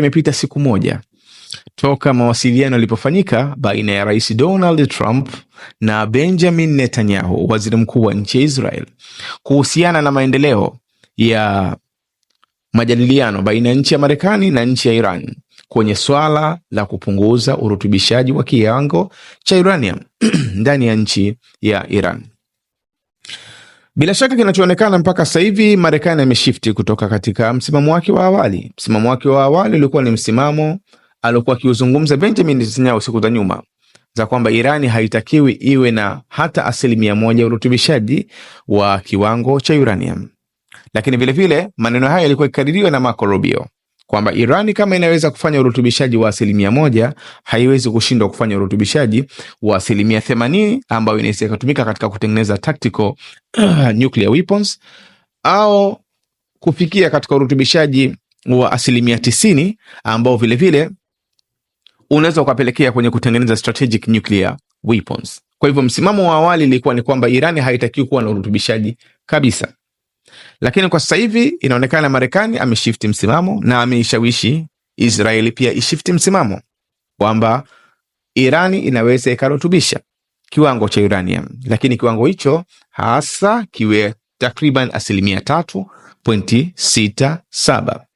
imepita siku moja toka mawasiliano yalipofanyika baina ya Rais Donald Trump na Benjamin Netanyahu, waziri mkuu wa nchi ya Israel, kuhusiana na maendeleo ya majadiliano baina ya nchi ya Marekani na nchi ya Iran kwenye swala la kupunguza urutubishaji wa kiwango cha uranium ndani ya nchi ya Iran. Bila shaka kinachoonekana mpaka sasa hivi, Marekani ameshifti kutoka katika msimamo wake wa awali. Msimamo wake wa awali ulikuwa ni msimamo aliokuwa akiuzungumza Benjamin Netanyahu siku za nyuma za kwamba Irani haitakiwi iwe na hata asilimia moja ya urutubishaji wa kiwango cha uranium, lakini vilevile maneno haya yalikuwa yakikadiriwa na Marco Rubio kwamba Irani kama inaweza kufanya urutubishaji wa asilimia moja haiwezi kushindwa kufanya urutubishaji wa asilimia themanini ambayo inaweza ikatumika katika kutengeneza tactical nuclear weapons au kufikia katika urutubishaji wa asilimia tisini ambao vilevile unaweza ukapelekea kwenye kutengeneza strategic nuclear weapons. Kwa hivyo msimamo wa awali ilikuwa ni kwamba Irani haitakiwi kuwa na urutubishaji kabisa. Lakini kwa sasa hivi inaonekana Marekani ameshifti msimamo na ameishawishi Israeli pia ishifti msimamo kwamba Irani inaweza ikarutubisha kiwango cha uranium, lakini kiwango hicho hasa kiwe takriban asilimia tatu pointi sita saba.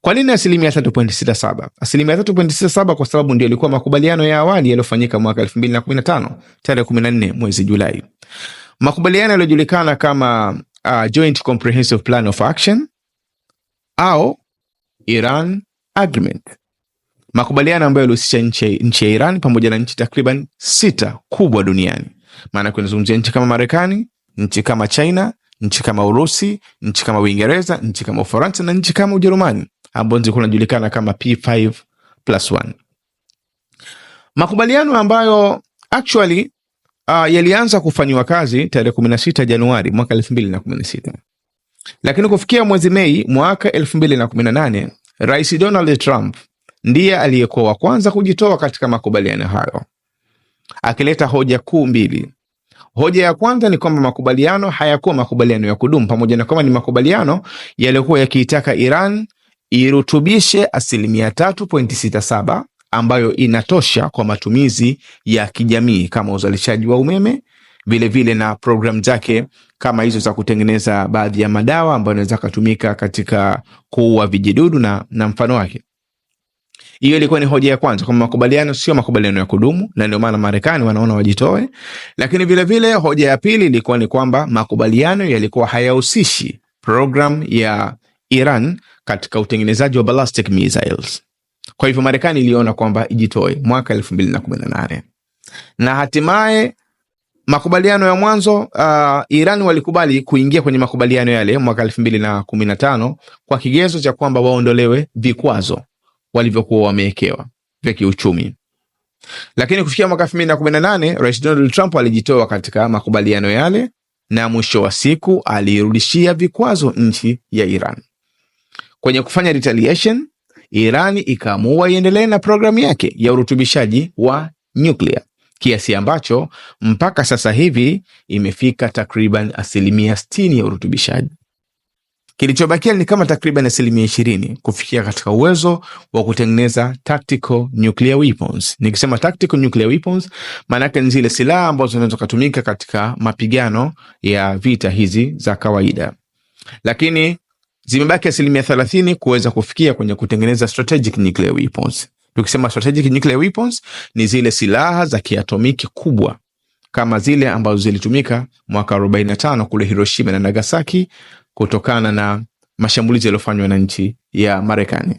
Kwa nini asilimia tatu pointi sita saba? Asilimia tatu pointi sita saba kwa sababu ndio ilikuwa makubaliano ya awali yaliyofanyika mwaka elfu mbili na na kumi tano tarehe kumi na nne mwezi Julai, makubaliano yaliyojulikana kama uh, Joint Comprehensive Plan of Action au Iran Agreement, makubaliano ambayo yalihusisha nchi ya Iran pamoja na nchi takriban sita kubwa duniani. Maana kunazungumzia nchi kama Marekani, nchi kama China, nchi kama Urusi, nchi kama Uingereza, nchi kama Ufaransa na nchi kama Ujerumani ambazo zilikuwa zinajulikana kama P5 plus 1. Makubaliano ambayo actually uh, yalianza kufanyiwa kazi tarehe 16 Januari mwaka 2016, lakini kufikia mwezi Mei mwaka 2018 Rais Donald Trump ndiye aliyekuwa wa kwanza kujitoa katika makubaliano hayo, akileta hoja kuu mbili. Hoja ya kwanza ni kwamba makubaliano hayakuwa makubaliano ya kudumu, pamoja na kwamba ni makubaliano yaliyokuwa yakiitaka Iran irutubishe asilimia 3.67 ambayo inatosha kwa matumizi ya kijamii kama uzalishaji wa umeme vilevile vile na programu zake kama hizo za kutengeneza baadhi ya madawa ambayo inaweza kutumika katika kuua vijidudu na, na mfano wake. Hiyo ilikuwa ni hoja ya kwanza kwamba makubaliano sio makubaliano ya kudumu, na ndio maana Marekani wanaona wajitoe. Lakini vile vile hoja ya pili ilikuwa ni kwamba makubaliano yalikuwa hayahusishi programu ya Iran katika utengenezaji wa ballistic missiles. Kwa hivyo Marekani iliona kwamba ijitoe mwaka elfu mbili na kumi na nane na hatimaye makubaliano ya mwanzo uh, Iran walikubali kuingia kwenye makubaliano yale mwaka elfu mbili na kumi na tano kwa kigezo cha kwamba waondolewe vikwazo walivyokuwa wamewekewa vya kiuchumi, lakini kufikia mwaka elfu mbili na kumi na nane Rais Donald Trump alijitoa katika makubaliano yale na mwisho wa siku aliirudishia vikwazo nchi ya Iran kwenye kufanya retaliation iran ikaamua iendelee na programu yake ya urutubishaji wa nyuklia kiasi ambacho mpaka sasa hivi imefika takriban asilimia 60 ya urutubishaji. Kilichobakia ni kama takriban asilimia ishirini kufikia katika uwezo wa kutengeneza tactical nuclear weapons. Nikisema tactical nuclear weapons, maana ni zile silaha ambazo zinaweza kutumika katika mapigano ya vita hizi za kawaida, lakini zimebaki asilimia thelathini kuweza kufikia kwenye kutengeneza strategic nuclear weapons. Tukisema strategic nuclear weapons ni zile silaha za kiatomiki kubwa kama zile ambazo zilitumika mwaka tano kule Hiroshima na Nagasaki kutokana na mashambulizi yaliyofanywa na nchi ya Marekani.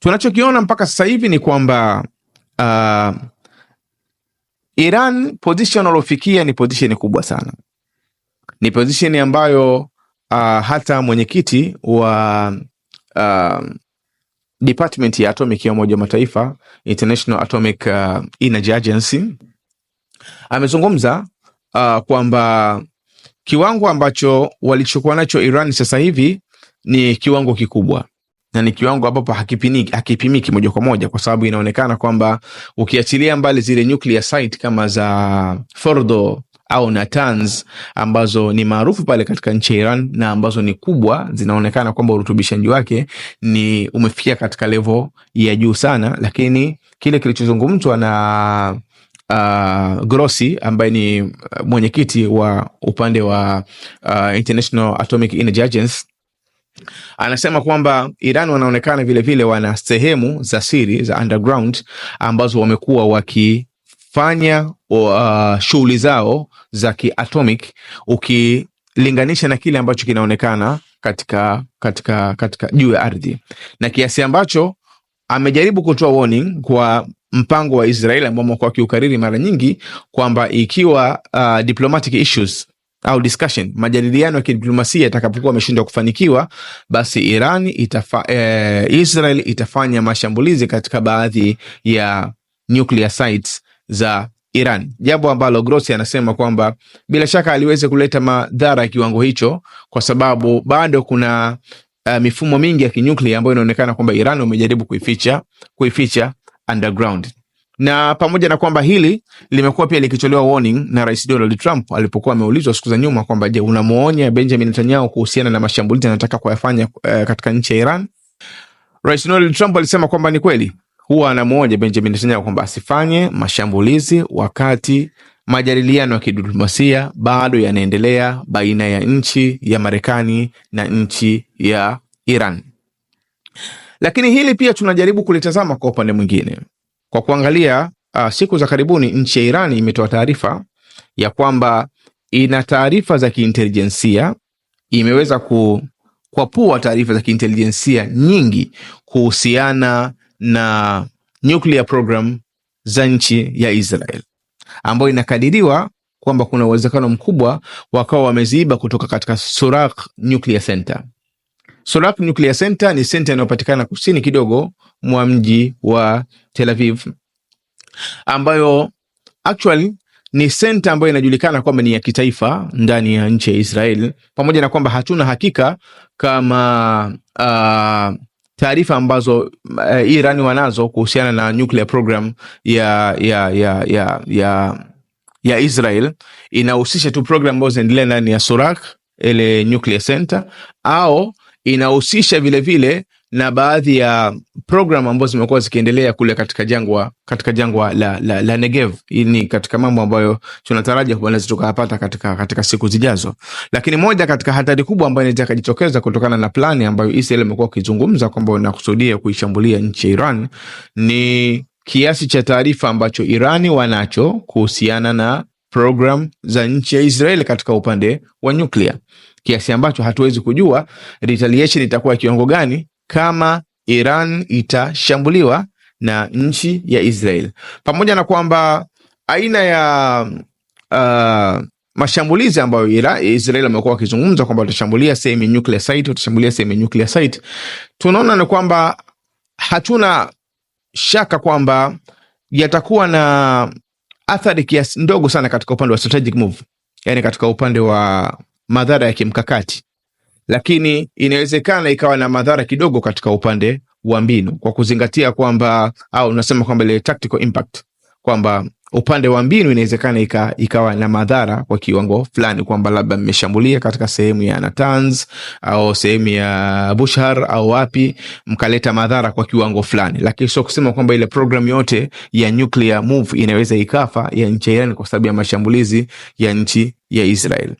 Tunachokiona mpaka sasa hivi ni kwamba uh, Iran position waliofikia ni position kubwa sana, ni position ambayo uh, hata mwenyekiti wa uh, department ya atomic ya Umoja wa Mataifa, International Atomic uh, Energy Agency amezungumza uh, kwamba kiwango ambacho walichokuwa nacho Iran sasa hivi ni kiwango kikubwa na ni kiwango ambapo hakipimiki moja kwa moja, kwa sababu inaonekana kwamba ukiachilia mbali zile nuclear site kama za Fordo au Natanz ambazo ni maarufu pale katika nchi ya Iran na ambazo ni kubwa, zinaonekana kwamba urutubishaji wake ni umefikia katika levo ya juu sana, lakini kile kilichozungumzwa na Uh, Grossi ambaye ni uh, mwenyekiti wa upande wa uh, International Atomic Energy Agency anasema kwamba Iran wanaonekana vilevile wana sehemu za siri za underground ambazo wamekuwa waki fanya uh, shughuli zao za kiatomic ukilinganisha na kile ambacho kinaonekana katika, katika, katika juu ya ardhi na kiasi ambacho amejaribu kutoa warning kwa mpango wa Israeli ambao wamekuwa wakiukariri mara nyingi kwamba ikiwa uh, diplomatic issues au discussion majadiliano ya kidiplomasia yatakapokuwa ameshindwa kufanikiwa, basi Iran itafa, eh, Israel itafanya mashambulizi katika baadhi ya nuclear sites za Iran, jambo ambalo Grossi anasema kwamba bila shaka aliweza kuleta madhara ya kiwango hicho, kwa sababu bado kuna uh, mifumo mingi ya kinyuklia ambayo inaonekana kwamba Iran wamejaribu kuificha kuificha underground, na pamoja na kwamba hili limekuwa pia likitolewa warning na Rais Donald Trump alipokuwa ameulizwa siku za nyuma kwamba je, unamwonya Benjamin Netanyahu kuhusiana na mashambulizi anataka kuyafanya uh, katika nchi ya Iran. Rais Donald Trump alisema kwamba ni kweli huwa anamwonya Benjamin Netanyahu kwamba asifanye mashambulizi wakati majadiliano ya kidiplomasia bado yanaendelea baina ya nchi ya Marekani na nchi ya Iran. Lakini hili pia tunajaribu kulitazama kwa upande mwingine kwa kuangalia uh, siku za karibuni nchi ya Iran imetoa taarifa ya kwamba ina taarifa za kiintelijensia, imeweza kukwapua taarifa za kiintelijensia nyingi kuhusiana na nuclear program za nchi ya Israel ambayo inakadiriwa kwamba kuna uwezekano mkubwa wakawa wameziiba kutoka katika Surak Nuclear Center. Surak Nuclear Center ni senta inayopatikana kusini kidogo mwa mji wa Tel Aviv, ambayo actually ni senta ambayo inajulikana kwamba ni ya kitaifa ndani ya nchi ya Israel, pamoja na kwamba hatuna hakika kama uh, taarifa ambazo uh, Iran wanazo kuhusiana na nuclear program ya ya ya ya ya, ya Israel inahusisha tu program ambazo zinaendelea ndani ya Surak ile nuclear center, au inahusisha vilevile na baadhi ya programu ambazo zimekuwa zikiendelea kule katika jangwa, katika jangwa la, la, la Negev. Hii ni katika mambo ambayo tunataraji wanaweza tukayapata katika, katika siku zijazo, lakini moja katika hatari kubwa ambayo inaweza ikajitokeza kutokana na plani ambayo Israel imekuwa ikizungumza kwamba inakusudia kuishambulia nchi ya Iran ni kiasi cha taarifa ambacho Irani wanacho kuhusiana na program za nchi ya Israel katika upande wa nyuklia, kiasi ambacho hatuwezi kujua retaliation itakuwa kiwango gani kama Iran itashambuliwa na nchi ya Israel, pamoja na kwamba aina ya uh, mashambulizi ambayo Israel amekuwa wakizungumza kwamba watashambulia sehemu ya nuclear site, watashambulia sehemu ya nuclear site, tunaona ni kwamba hatuna shaka kwamba yatakuwa na athari kiasi ndogo sana katika upande wa strategic move, yani katika upande wa madhara ya kimkakati lakini inawezekana ikawa na madhara kidogo katika upande wa mbinu, kwa kuzingatia kwamba au unasema kwamba ile tactical impact kwamba upande wa mbinu inawezekana ika, ikawa na madhara kwa kiwango fulani, kwamba labda mmeshambulia katika sehemu ya Natanz au sehemu ya Bushhar au wapi, mkaleta madhara kwa kiwango fulani, lakini sio kusema kwamba ile programu yote ya nuclear move inaweza ikafa ya nchi ya Iran kwa sababu ya mashambulizi ya nchi ya Israel.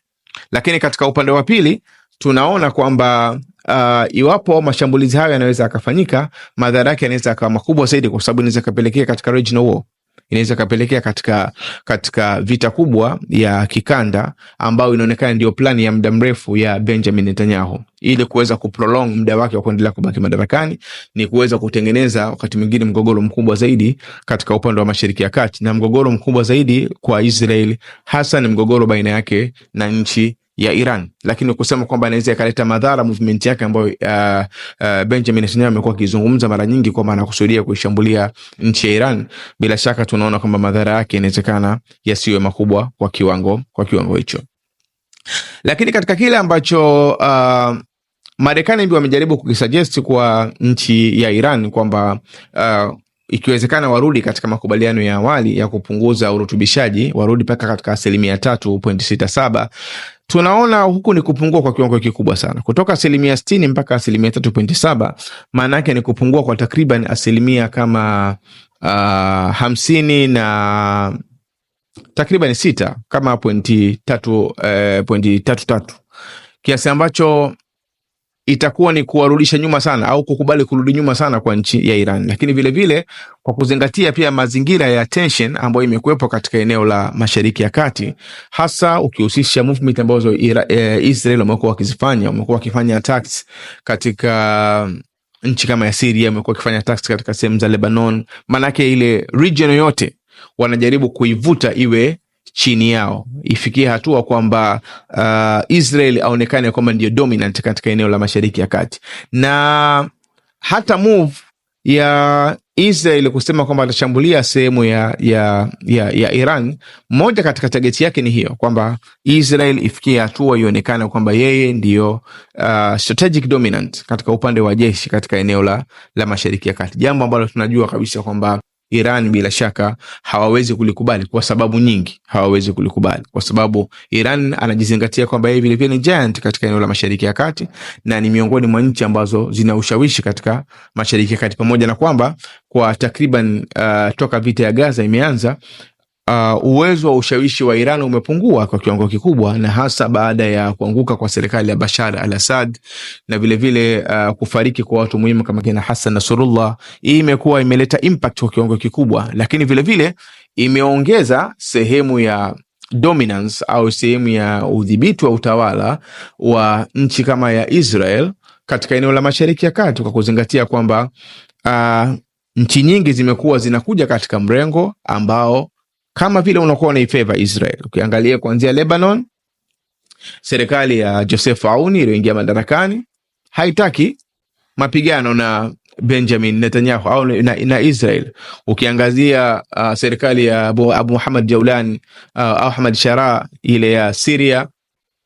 Lakini katika upande wa pili tunaona kwamba uh, iwapo mashambulizi hayo yanaweza yakafanyika, madhara yake yanaweza yakawa makubwa zaidi, kwa sababu inaweza ikapelekea katika regional war, inaweza ikapelekea katika, katika vita kubwa ya kikanda ambayo inaonekana ndio plani ya muda mrefu ya Benjamin Netanyahu ili kuweza kuprolong muda wake wa kuendelea kubaki madarakani, ni kuweza kutengeneza wakati mwingine mgogoro mkubwa zaidi katika upande wa Mashariki ya Kati, na mgogoro mkubwa zaidi kwa Israel hasa ni mgogoro baina yake na nchi ya Iran, lakini kusema kwamba anaweza ikaleta madhara movement yake ambayo uh, uh, Benjamin Netanyahu amekuwa akizungumza mara nyingi kwamba anakusudia kuishambulia nchi ya Iran, bila shaka tunaona kwamba madhara yake inawezekana yasiwe makubwa kwa kiwango kwa kiwango hicho. Lakini katika kile ambacho uh, Marekani ndio wamejaribu kukisuggest kwa nchi ya Iran kwamba uh, ikiwezekana warudi katika makubaliano ya awali ya kupunguza urutubishaji, warudi mpaka katika asilimia tatu point sita saba. Tunaona huku ni kupungua kwa kiwango kikubwa sana kutoka asilimia sitini mpaka asilimia tatu point saba. Maana yake ni kupungua kwa takriban asilimia kama uh, hamsini na takriban sita kama pointi tatu, eh, pointi tatu tatu kiasi ambacho itakuwa ni kuwarudisha nyuma sana au kukubali kurudi nyuma sana kwa nchi ya Iran, lakini vilevile vile, kwa kuzingatia pia mazingira ya tension ambayo imekuwepo katika eneo la Mashariki ya Kati, hasa ukihusisha movement ambazo eh, Israel wamekuwa wakizifanya. Wamekuwa wakifanya attacks katika mm, nchi kama ya Siria, wamekuwa wakifanya attacks katika sehemu za Lebanon, maanake ile region yote wanajaribu kuivuta iwe chini yao, ifikie hatua kwamba uh, Israel aonekane kwamba ndio dominant katika eneo la Mashariki ya Kati, na hata move ya Israel kusema kwamba atashambulia sehemu ya, ya, ya, ya Iran, moja katika tageti yake ni hiyo kwamba Israel ifikie hatua ionekane kwamba yeye ndiyo uh, strategic dominant katika upande wa jeshi katika eneo la, la Mashariki ya Kati, jambo ambalo tunajua kabisa kwamba Iran bila shaka hawawezi kulikubali kwa sababu nyingi, hawawezi kulikubali kwa sababu Iran anajizingatia kwamba yeye vilevile ni giant katika eneo la Mashariki ya Kati na ni miongoni mwa nchi ambazo zina ushawishi katika Mashariki ya Kati, pamoja na kwamba kwa takriban uh, toka vita ya Gaza imeanza Uh, uwezo wa ushawishi wa Iran umepungua kwa kiwango kikubwa na hasa baada ya kuanguka kwa serikali ya Bashar al-Assad na vilevile vile, uh, kufariki kwa watu muhimu kama kina Hassan Nasrullah. Hii imekuwa imeleta impact kwa kiwango kikubwa, lakini vilevile vile, imeongeza sehemu ya dominance au sehemu ya udhibiti wa utawala wa nchi kama ya Israel katika eneo la Mashariki ya Kati kwa kuzingatia kwamba uh, nchi nyingi zimekuwa zinakuja katika mrengo ambao kama vile unakuwa unaifeva Israel. Ukiangalia kuanzia Lebanon, serikali ya Joseph Auni iliyoingia madarakani haitaki mapigano na Benjamin Netanyahu au na, na Israel. Ukiangazia uh, serikali ya Abu, Abu Muhammad Jaulani uh, Ahmad Shara ile ya siria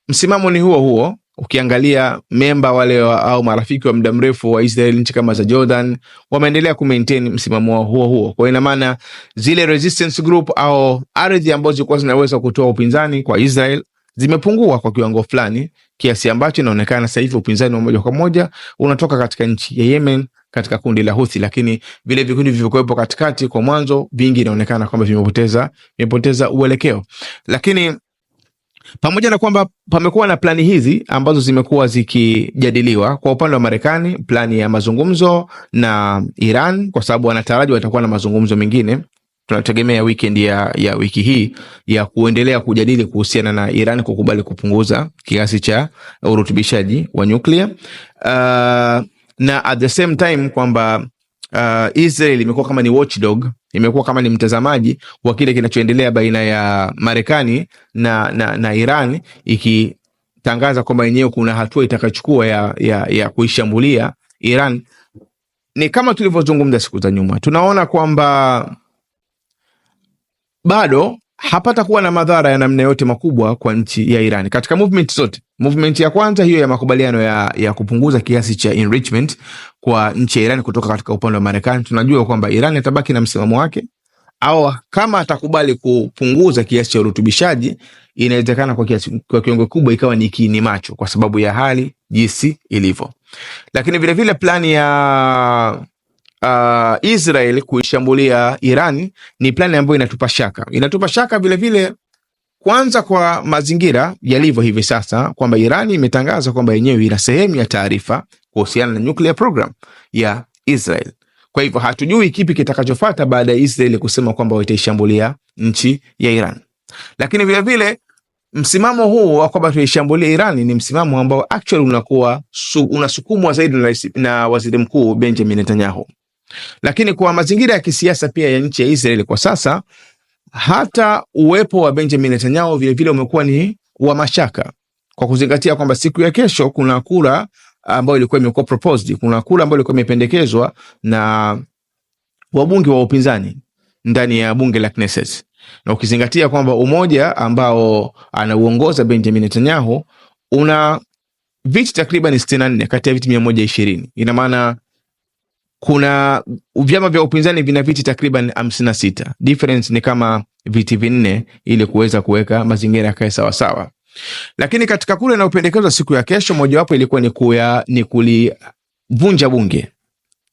msimamo ni huo huo ukiangalia memba wale wa, au marafiki wa muda mrefu wa Israel, nchi kama za Jordan wameendelea maintain msimamo wao huo huo. Kwa ina maana zile resistance group au ardhi ambazo zilikuwa zinaweza kutoa upinzani kwa Israel zimepungua kwa kiwango fulani, kiasi ambacho inaonekana sasa hivi upinzani wa moja kwa moja unatoka katika nchi ya Yemen katika kundi la Houthi, lakini vile vikundi vilivyokuwepo katikati kwa mwanzo vingi inaonekana kwamba vimepoteza vimepoteza uelekeo, lakini pamoja na kwamba pamekuwa na plani hizi ambazo zimekuwa zikijadiliwa kwa upande wa Marekani, plani ya mazungumzo na Iran, kwa sababu wanataraji watakuwa na mazungumzo mengine tunategemea weekend ya, ya wiki hii ya kuendelea kujadili kuhusiana na Iran kukubali kupunguza kiasi cha urutubishaji wa nyuklia uh, na at the same time kwamba uh, Israel imekuwa kama ni watchdog, imekuwa kama ni mtazamaji wa kile kinachoendelea baina ya Marekani na, na, na Iran ikitangaza kwamba yenyewe kuna hatua itakayochukua ya, ya, ya kuishambulia Iran. Ni kama tulivyozungumza siku za nyuma, tunaona kwamba bado hapatakuwa na madhara ya namna yote makubwa kwa nchi ya Iran katika movement zote. Movement ya kwanza hiyo ya makubaliano ya, ya kupunguza kiasi cha enrichment kwa nchi ya Iran kutoka katika upande wa Marekani. Tunajua kwamba Iran itabaki na msimamo wake, au kama atakubali kupunguza kiasi cha urutubishaji, inawezekana kwa kiasi, kwa kiwango kikubwa ikawa ni kiini macho kwa sababu ya hali jinsi ilivyo, lakini vilevile plani ya uh, Israel kuishambulia Iran ni plani ambayo inatupa shaka, inatupa shaka vilevile kwanza kwa mazingira yalivyo hivi sasa, kwamba Iran imetangaza kwamba yenyewe ina sehemu ya taarifa kuhusiana na nuclear program ya Israel. Kwa hivyo hatujui kipi kitakachofuata baada ya Israel kusema kwamba wataishambulia nchi ya Iran, lakini vilevile msimamo huu wa kwamba tuishambulia Iran ni msimamo ambao actually unakuwa su, unasukumwa zaidi na, na waziri mkuu Benjamin Netanyahu. Lakini kwa mazingira ya kisiasa pia ya nchi ya Israeli kwa sasa, hata uwepo wa Benjamin Netanyahu vilevile umekuwa ni wa mashaka, kwa kuzingatia kwamba siku ya kesho kuna kura ambayo ilikuwa imekuwa proposed, kuna kura ambayo ilikuwa imependekezwa na wabunge wa upinzani ndani ya bunge la Knesset, na ukizingatia kwamba umoja ambao anauongoza Benjamin Netanyahu una viti takriban 64 kati ya viti 120 ina maana kuna vyama vya upinzani vina viti takriban hamsini na sita. Difference ni kama viti vinne, ili kuweza kuweka mazingira yakae sawasawa. Lakini katika kura inayopendekezwa siku ya kesho, mojawapo ilikuwa ni kuya, ni kulivunja bunge,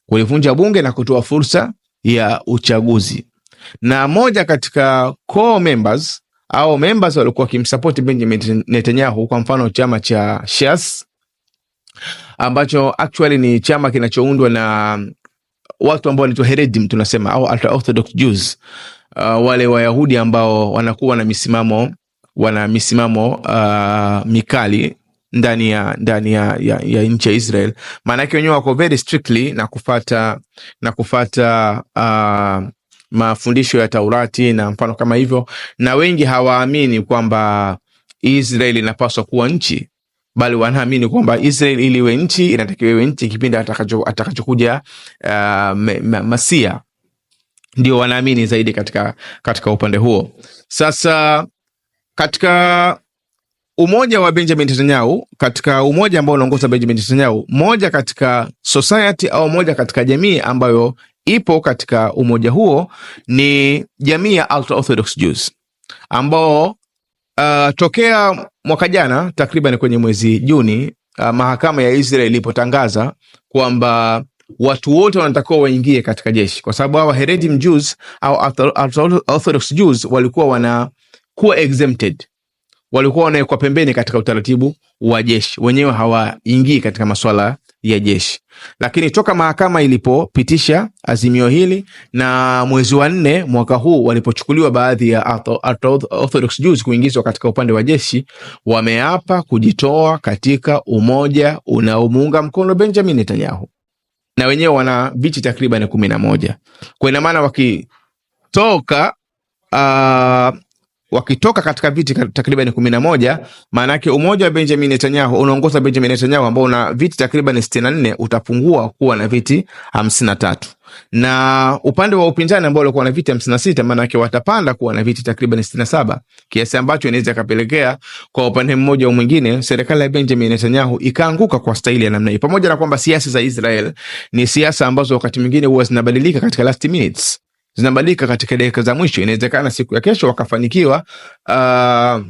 kulivunja bunge na kutoa fursa ya uchaguzi, na moja katika core members au members walikuwa wakimsapoti Benjamin Netanyahu, kwa mfano chama cha Shas ambacho actually ni chama kinachoundwa na um, watu ambao wanaitwa Heredim tunasema au ultra orthodox Jews, uh, wale Wayahudi ambao wanakuwa na misimamo wana misimamo uh, mikali ndani ya ndani ya, ya, ya nchi ya Israel. Maana yake wenyewe wako very strictly na kufata na kufata uh, mafundisho ya Taurati na mfano kama hivyo, na wengi hawaamini kwamba Israel inapaswa kuwa nchi bali wanaamini kwamba Israel ili iwe nchi inatakiwa iwe nchi kipindi atakachokuja uh, Masia. Ndio wanaamini zaidi katika, katika upande huo. Sasa katika umoja wa Benjamin Netanyahu, katika umoja ambao unaongoza Benjamin Netanyahu, moja katika society au moja katika jamii ambayo ipo katika umoja huo ni jamii ya ultra orthodox Jews ambao Uh, tokea mwaka jana takriban kwenye mwezi Juni uh, mahakama ya Israel ilipotangaza kwamba watu wote wanatakiwa waingie katika jeshi, kwa sababu hawa Haredim Jews au Orthodox Jews walikuwa wanakuwa exempted, walikuwa wanawekwa pembeni katika utaratibu wa jeshi, wenyewe hawaingii katika masuala ya jeshi. Lakini toka mahakama ilipopitisha azimio hili na mwezi wa nne mwaka huu walipochukuliwa baadhi ya Orthodox Jews kuingizwa katika upande wa jeshi, wameapa kujitoa katika umoja unaomuunga mkono Benjamin Netanyahu, na wenyewe wana viti takriban kumi na moja kwa ina maana wakitoka uh, wakitoka katika viti takriban kumi na moja, maanake umoja wa Benjamin Netanyahu unaongoza Benjamin Netanyahu ambao una viti takriban sitini na nne utapungua kuwa na viti hamsini na tatu na upande wa upinzani ambao ulikuwa na viti hamsini na sita maanake watapanda kuwa na viti takriban sitini na saba kiasi ambacho inaweza ikapelekea kwa upande mmoja au mwingine serikali ya Benjamin Netanyahu ikaanguka kwa staili ya namna hii, pamoja na kwamba siasa za Israel ni siasa ambazo wakati mwingine huwa zinabadilika katika last minutes zinabadilika katika dakika za mwisho. Inawezekana siku ya kesho wakafanikiwa uh,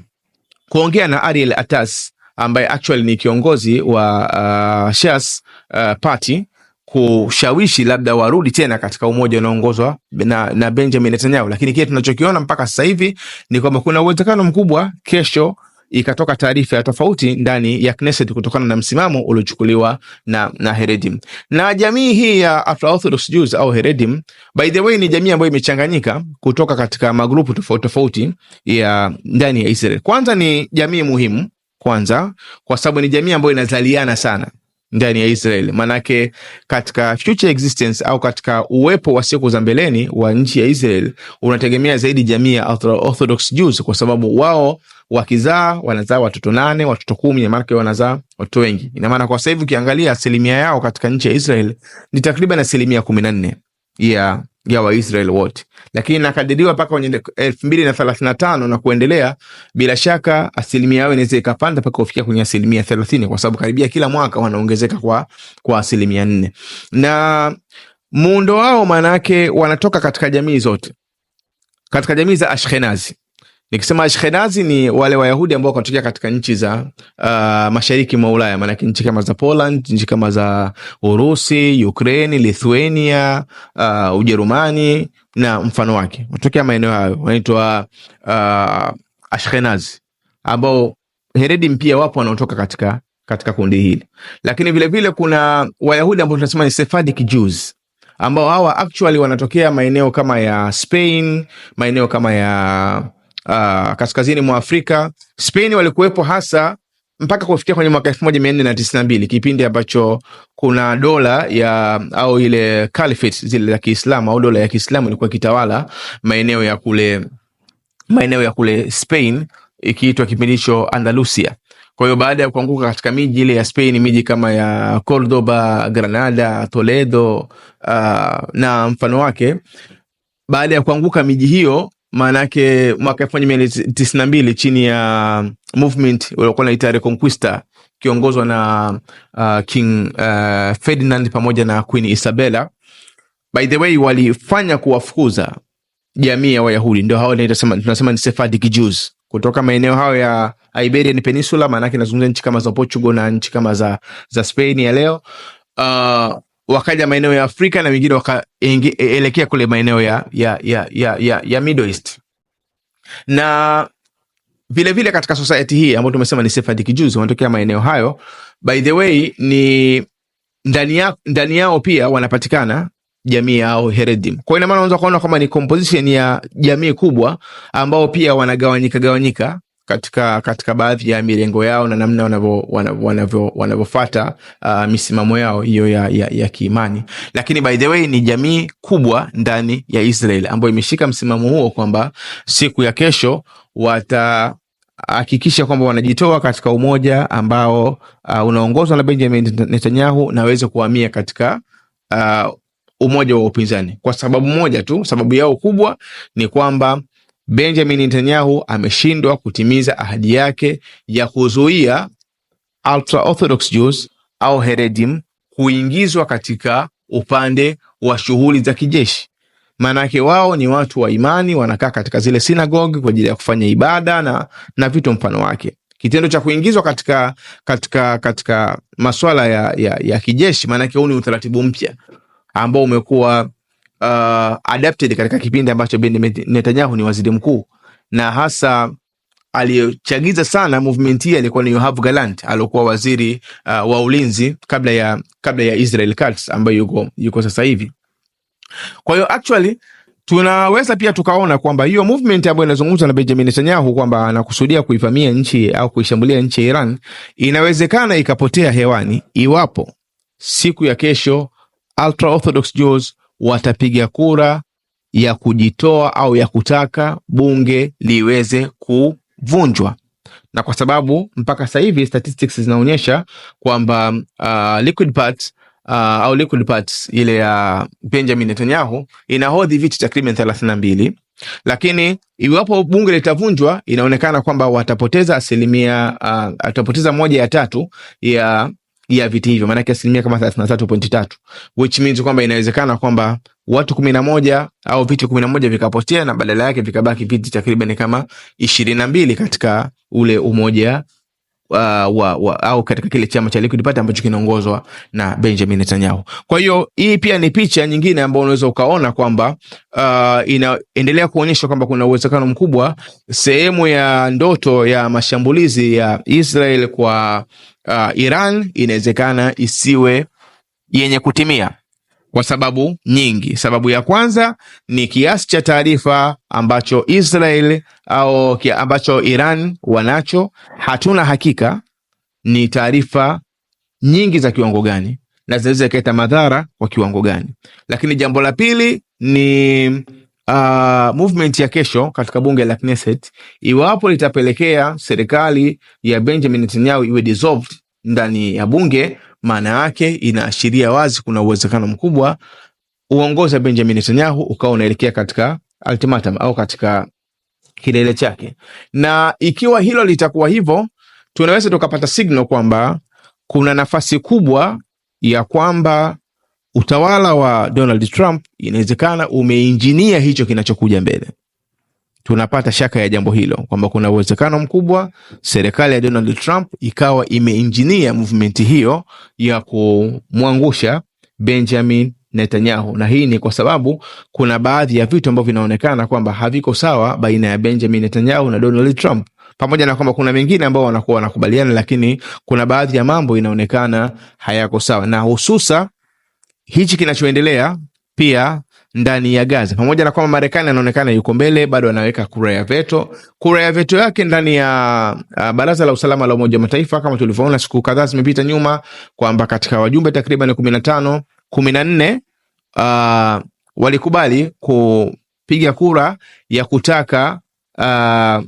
kuongea na Ariel Atas ambaye actually ni kiongozi wa uh, Shas uh, Party kushawishi labda warudi tena katika umoja unaongozwa na, na Benjamin Netanyahu, lakini kile tunachokiona mpaka sasa hivi ni kwamba kuna uwezekano mkubwa kesho ikatoka taarifa ya tofauti ndani ya Knesset kutokana na msimamo uliochukuliwa na, na Heredim na jamii hii ya Ultra-Orthodox Jews au Heredim. By the way, ni jamii ambayo imechanganyika kutoka katika magrupu tofauti tofauti ya ndani ya Israel. Kwanza ni jamii muhimu kwanza, kwa sababu ni jamii ambayo inazaliana sana ndani ya Israel. Manake katika future existence au katika uwepo wa siku za mbeleni wa nchi ya Israel unategemea zaidi jamii ya Orthodox Jews kwa sababu wao wakizaa wanazaa watoto nane watoto kumi, maanake wanazaa watoto wengi. Ina maana kwa sahivi ukiangalia asilimia yao katika nchi ya Israel ni takriban asilimia kumi na nne ya ya Waisrael wote, lakini nakadiriwa mpaka kwenye elfu mbili na thelathini na tano na kuendelea, bila shaka asilimia yao inaweza ikapanda mpaka kufikia kwenye asilimia thelathini kwa sababu karibia kila mwaka wanaongezeka kwa, kwa asilimia nne na muundo wao maanayake wanatoka katika jamii zote, katika jamii za Ashkenazi Nikisema Ashkenazi ni wale Wayahudi ambao wanatokea katika nchi za uh, mashariki mwa Ulaya, maanake nchi kama za Poland, nchi kama za Urusi, Ukraini, Lithuania, uh, Ujerumani na mfano wake, wanatokea maeneo hayo, wanaitwa uh, Ashkenazi ambao Heredi mpya wapo wanaotoka katika, katika kundi hili, lakini vilevile vile kuna Wayahudi ambao tunasema ni Sephardic Jews ambao hawa actually wanatokea maeneo kama ya Spain, maeneo kama ya uh, kaskazini mwa Afrika. Spain walikuwepo hasa mpaka kufikia kwenye mwaka elfu moja mia nne na tisini na mbili kipindi ambacho kuna dola ya au ile caliphate zile za Kiislamu au dola ya Kiislamu ilikuwa ikitawala maeneo ya kule maeneo ya kule Spain ikiitwa kipindi hicho Andalusia. Kwa hiyo baada ya kuanguka katika miji ile ya Spain, miji kama ya Cordoba, Granada, Toledo uh, na mfano wake, baada ya kuanguka miji hiyo maanake mwaka elfu moja mia tisini na mbili chini ya um, movement waliokuwa naita Reconquista kiongozwa na uh, King uh, Ferdinand pamoja na Queen Isabella. By the way, walifanya kuwafukuza jamii ya Wayahudi, ndio hao tunasema ni Sephardic Jews kutoka maeneo hayo ya Iberian Peninsula, maanake nazungumzia nchi kama za Portugal na nchi kama za, za Spain ya leo uh, wakaja maeneo ya Afrika na wengine wakaelekea e- kule maeneo ya, ya, ya, ya, ya, ya Middle East. Na vilevile vile katika society hii ambayo tumesema ni Sephardic Jews wanatokea maeneo hayo, by the way ni ndani ya, ndani yao pia wanapatikana jamii yao Heredim. Kwa hiyo ina maana unaweza kuona kwamba ni composition ya jamii kubwa ambao pia wanagawanyika gawanyika katika, katika baadhi ya mirengo yao na namna wanavyofata uh, misimamo yao hiyo ya, ya, ya kiimani. Lakini by the way ni jamii kubwa ndani ya Israel ambayo imeshika msimamo huo kwamba siku ya kesho wata hakikisha kwamba wanajitoa katika umoja ambao uh, unaongozwa na Benjamin Netanyahu na aweze kuhamia katika uh, umoja wa upinzani kwa sababu moja tu. Sababu yao kubwa ni kwamba Benjamin Netanyahu ameshindwa kutimiza ahadi yake ya kuzuia ultra orthodox Jews au Haredim kuingizwa katika upande wa shughuli za kijeshi. Maanake wao ni watu wa imani, wanakaa katika zile sinagogi kwa ajili ya kufanya ibada na, na vitu mfano wake. Kitendo cha kuingizwa katika, katika, katika maswala ya, ya, ya kijeshi, maanake huu ni utaratibu mpya ambao umekuwa uh, adapted katika kipindi ambacho Netanyahu ni waziri mkuu, na hasa aliyochagiza sana movement hii alikuwa ni Yoav Gallant aliokuwa waziri uh, wa ulinzi kabla ya, kabla ya Israel Katz ambayo yuko, yuko sasa hivi. Kwa hiyo actually tunaweza pia tukaona kwamba hiyo movement ambayo inazungumzwa na Benjamin Netanyahu kwamba anakusudia kuivamia nchi au kuishambulia nchi ya Iran inawezekana ikapotea hewani iwapo siku ya kesho ultra orthodox Jews watapiga kura ya kujitoa au ya kutaka bunge liweze kuvunjwa, na kwa sababu mpaka sasa hivi statistics zinaonyesha kwamba uh, Liquid part uh, au Liquid Party ile ya uh, Benjamin Netanyahu inahodhi viti takriban thelathini na mbili lakini iwapo bunge litavunjwa, inaonekana kwamba watapoteza asilimia uh, atapoteza moja ya tatu ya ya viti hivyo, maanake asilimia kama thelathini na tatu pointi tatu which means kwamba inawezekana kwamba watu kumi na moja au viti kumi na moja vikapotea na badala yake vikabaki viti takriban kama ishirini na mbili katika ule umoja Uh, wa, wa, au katika kile chama cha Liquid Party ambacho kinaongozwa na Benjamin Netanyahu. Kwa hiyo hii pia ni picha nyingine ambayo unaweza ukaona kwamba uh, inaendelea kuonyesha kwamba kuna uwezekano mkubwa sehemu ya ndoto ya mashambulizi ya Israel kwa uh, Iran inawezekana isiwe yenye kutimia kwa sababu nyingi. Sababu ya kwanza ni kiasi cha taarifa ambacho Israel au ambacho Iran wanacho, hatuna hakika ni taarifa nyingi za kiwango gani na zinaweza ikaleta madhara kwa kiwango gani. Lakini jambo la pili ni uh, movement ya kesho katika bunge la Knesset iwapo litapelekea serikali ya Benjamin Netanyahu iwe dissolved ndani ya bunge, maana yake inaashiria wazi kuna uwezekano mkubwa uongozi wa Benjamin Netanyahu ukawa unaelekea katika ultimatum au katika kilele chake, na ikiwa hilo litakuwa hivyo, tunaweza tukapata signal kwamba kuna nafasi kubwa ya kwamba utawala wa Donald Trump inawezekana umeinjinia hicho kinachokuja mbele. Tunapata shaka ya jambo hilo kwamba kuna uwezekano mkubwa serikali ya Donald Trump ikawa imeinjinia movement hiyo ya kumwangusha Benjamin Netanyahu, na hii ni kwa sababu kuna baadhi ya vitu ambavyo vinaonekana kwamba haviko sawa baina ya Benjamin Netanyahu na Donald Trump, pamoja na kwamba kuna mengine ambao wanakuwa wanakubaliana, lakini kuna baadhi ya mambo inaonekana hayako sawa, na hususa hichi kinachoendelea pia ndani ya Gaza, pamoja na kwamba Marekani anaonekana yuko mbele, bado anaweka kura ya veto. Kura ya veto yake ndani ya uh, Baraza la Usalama la Umoja wa Mataifa, kama tulivyoona siku kadhaa zimepita nyuma, kwamba katika wajumbe takriban kumi na tano kumi na nne uh, walikubali kupiga kura ya kutaka uh,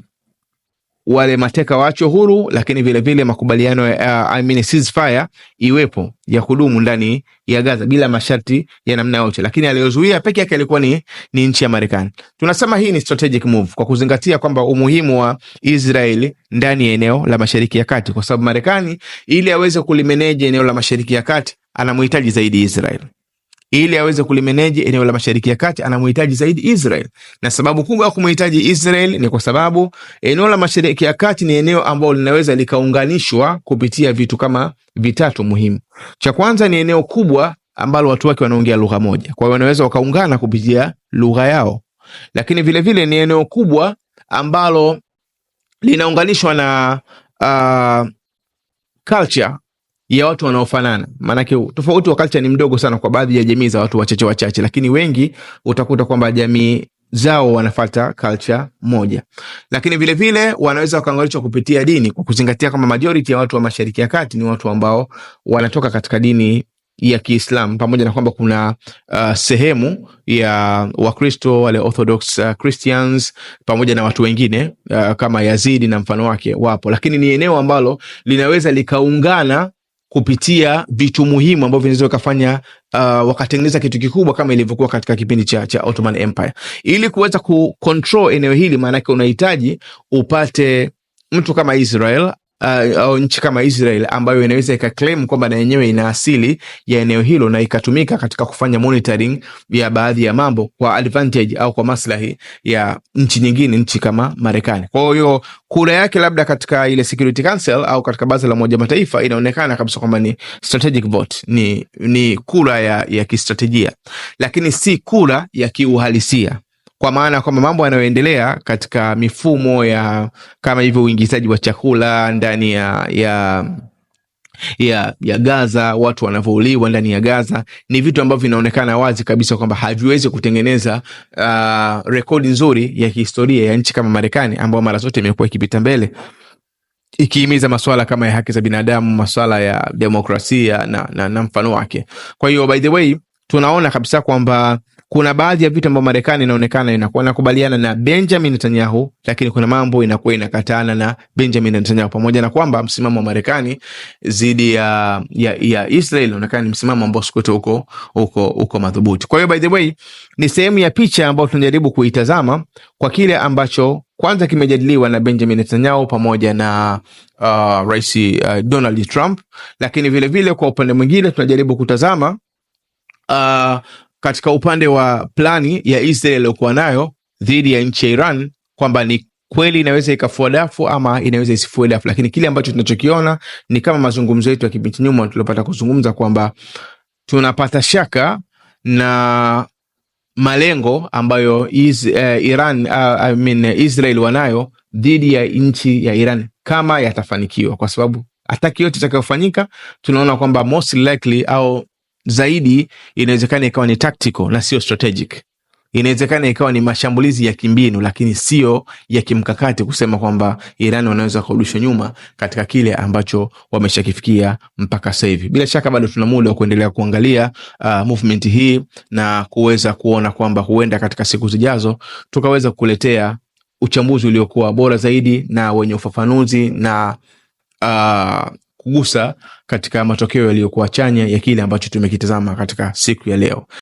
wale mateka waachwe huru, lakini vilevile vile makubaliano uh, I mean ceasefire iwepo ya kudumu ndani ya Gaza bila masharti ya namna yote, lakini aliyozuia peke yake alikuwa ni, ni nchi ya Marekani. Tunasema hii ni strategic move kwa kuzingatia kwamba umuhimu wa israel ndani ya eneo la Mashariki ya Kati, kwa sababu Marekani ili aweze kulimeneje eneo la Mashariki ya Kati anamhitaji zaidi Israel ili aweze kulimeneji eneo la Mashariki ya Kati, anamhitaji zaidi Israel. Na sababu kubwa ya kumhitaji Israel ni kwa sababu eneo la Mashariki ya Kati ni eneo ambalo linaweza likaunganishwa kupitia vitu kama vitatu muhimu. Cha kwanza ni eneo kubwa ambalo watu wake wanaongea lugha moja, kwa hiyo wanaweza wakaungana kupitia lugha yao, lakini vilevile vile ni eneo kubwa ambalo linaunganishwa na uh, culture ya watu wanaofanana. Maanake tofauti wa culture ni mdogo sana kwa baadhi ya jamii za watu wachache wachache, lakini wengi utakuta kwamba jamii zao wanafata culture moja, lakini vilevile vile, wanaweza wakaangalishwa kupitia dini, kwa kuzingatia kwamba majority ya watu wa Mashariki ya Kati ni watu ambao wanatoka katika dini ya Kiislam pamoja na kwamba kuna uh, sehemu ya Wakristo wale Orthodox uh, Christians pamoja na watu wengine uh, kama Yazidi na mfano wake wapo, lakini ni eneo ambalo linaweza likaungana kupitia vitu muhimu ambavyo vinaweza vikafanya uh, wakatengeneza kitu kikubwa kama ilivyokuwa katika kipindi cha, cha Ottoman Empire. Ili kuweza kucontrol eneo hili, maanake unahitaji upate mtu kama Israel uh, au nchi kama Israel ambayo inaweza ikaclaim kwamba na yenyewe ina asili ya eneo hilo na ikatumika katika kufanya monitoring ya baadhi ya mambo kwa advantage au kwa maslahi ya nchi nyingine, nchi kama Marekani. Kwa hiyo kura yake labda katika ile Security Council au katika baraza la Umoja Mataifa inaonekana kabisa kwamba ni strategic vote, ni, ni kura ya, ya kistratejia, lakini si kura ya kiuhalisia kwa maana ya kwamba mambo yanayoendelea katika mifumo ya kama hivyo uingizaji wa chakula ndani ya, ya ya ya Gaza, watu wanavyouliwa ndani ya Gaza ni vitu ambavyo vinaonekana wazi kabisa kwamba haviwezi kutengeneza uh, rekodi nzuri ya kihistoria ya nchi kama Marekani ambayo mara zote imekuwa ikipita mbele ikihimiza masuala kama ya haki za binadamu, masuala ya demokrasia na, na, na mfano wake. Kwa hiyo by the way tunaona kabisa kwamba kuna baadhi ya vitu ambavyo Marekani inaonekana inakuwa inakubaliana na Benjamin Netanyahu, lakini kuna mambo inakuwa inakatana na Benjamin Netanyahu, pamoja na kwamba msimamo wa Marekani dhidi ya, ya, ya Israel unaonekana ni msimamo ambao siku zote uko, uko, uko madhubuti. Kwa hiyo by the way ni sehemu ya picha ambayo tunajaribu kuitazama kwa kile ambacho kwanza kimejadiliwa na Benjamin Netanyahu pamoja na uh, Rais uh, Donald Trump, lakini vilevile vile kwa upande mwingine tunajaribu kutazama uh, katika upande wa plani ya Israel iliyokuwa nayo dhidi ya nchi ya Iran kwamba ni kweli inaweza ikafua dafu ama inaweza isifue dafu, lakini kile ambacho tunachokiona ni kama mazungumzo yetu ya kipindi nyuma tuliopata kuzungumza kwamba tunapata shaka na malengo ambayo is, uh, Iran, uh, I mean, Israel wanayo dhidi ya nchi ya Iran kama yatafanikiwa, kwa sababu ataki yote itakayofanyika tunaona kwamba most likely au zaidi inawezekana ikawa ni tactical na sio strategic. Inawezekana ikawa ni mashambulizi ya kimbinu, lakini sio ya kimkakati, kusema kwamba Iran wanaweza kurudishwa nyuma katika kile ambacho wameshakifikia mpaka sasa hivi. Bila shaka bado tuna muda wa kuendelea kuangalia uh, movement hii na kuweza kuona kwamba huenda katika siku zijazo tukaweza kuletea uchambuzi uliokuwa bora zaidi na wenye ufafanuzi na uh, kugusa katika matokeo yaliyokuwa chanya ya kile ambacho tumekitazama katika siku ya leo.